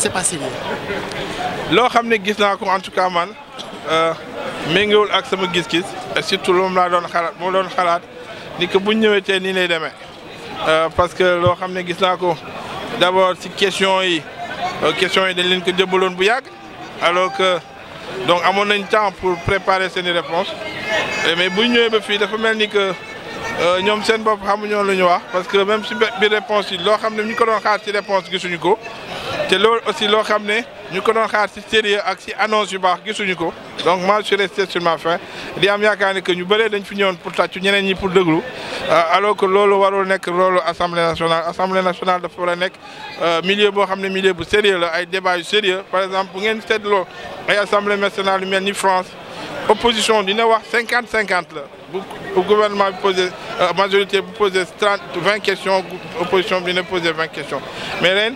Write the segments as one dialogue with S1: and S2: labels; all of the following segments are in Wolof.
S1: s'est passé nii. loo xam ne gis naa ko en tout cas man euh, méngewul ak sama gis-gis surtout moom laa doon xalaat moo doon xalaat ni que bu ñu ñëwee tey nii lay demee euh, parce que loo xam ne gis naa ko d'abord si question yi euh, question yi dañ leen ko jëbbaloon bu yàgg alors que donc amoon nañ temps pour préparer seeni réponses mais bu ñu ñëwee ba fii dafa mel ni que ñoom seen bopp xamuñoo lu ñu wax parce que même si biir réponse yi loo xam ne ñu ko doon xaar ci réponse gisuñu ko. te loolu aussi loo xam ne ñu ko doon xaar si sérieux ak si annonce yu baax gisuñu ko donc moi je suis resté sur ma faim di am yaakaar ne que ñu bëree dañ fi ñëwoon pour tàccu ñeneen ñi pour déglu euh, alors loolu warul nekk loolu assemblée nationale assemblée nationale dafa war nekk euh, milieu boo xam ne milieu bu sérieux la ay débat yu sérieux par exemple bu ngeen seetloo ay assemblée nationale yu mel ni France opposition dina wax cinquante cinquante la bu gouvernement bi posé Euh, majorité bu posé trente vingt questions opposition bi ne posé vingt questions mais ren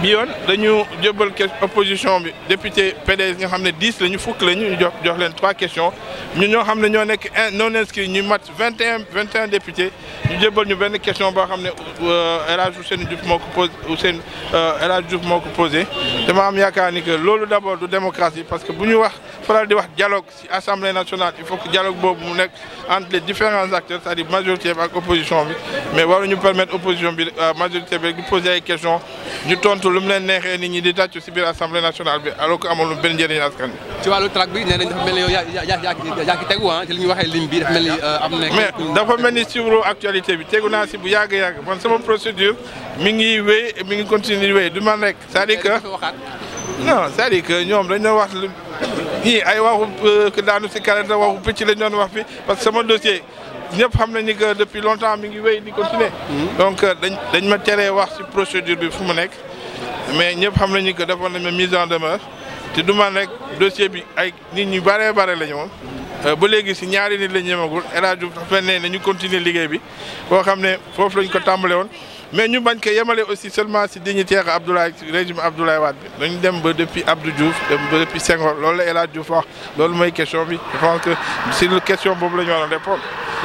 S1: bi yoon dañu jëbal opposition bi député PDS nga xam ne dix la ñu fukk la ñu jox jox leen trois questions ñu ñoo xam ne ñoo nekk non inscrit ñu mat vingt et un vingt et un député ñu jëbal ñu benn question boo xam ne euh, El Hadj Ousseynou Diouf moo ko posé Ousseynou euh, El Hadj Diouf moo ko posé dama am yaakaar ni que loolu parce que bu ñu wax faral di wax dialogue ci assemblée il faut que dialogue boobu mu nekk entre di majorité bi ak opposition bi mais waruñu permettre opposition bi euh, majorité bi di poser ay questions ñu tontu lu mu leen neexee nit ñi di si biir assemblée nationale bi alors que amul benn njëriñ askan bi. ci wàllu track bi nee nañ dafa mel ni yow yaa yaa yaa ki ah, euh, am na. mais dafa mel ni suivre actualité bi tegu naa si bu yàgg yàgg man sama procédure mi ngi wéy mi ngi continuer di wéy du man rek. c'est-à-dire que non c'est-à-dire que ñoom wax. ñii ay waxu euh, daanu si karanta waxu picc lañ doon wax fi parce que sama dossier ñëpp xam nañ ñi que depuis longtemps mi ngi wéy di continuer hmm. donc euh, dañ dañ ma tere wax si procédure bi fu mu nekk mais ñëpp xam nañ ni que defoon nañ ma mise en demeure te du ma nekk dossier bi ay nit ñu bëree bare la ñu woon Euh, ba léegi si ñaari nit lañ ñemagul El Hadj Diouf dafa ne ñu continuer liggéey bi boo xam ne foofu lañ ko tàmbale woon mais ñu bañ ko yemale aussi seulement si dignitaire Abdoulaye régime Abdoulaye Wade bi dañ dem ba depuis Abdou Diouf dem ba depuis Senghor loolu la El Hadj Diouf wax loolu mooy question bi je pense que si question boobu la ñu waroon répondre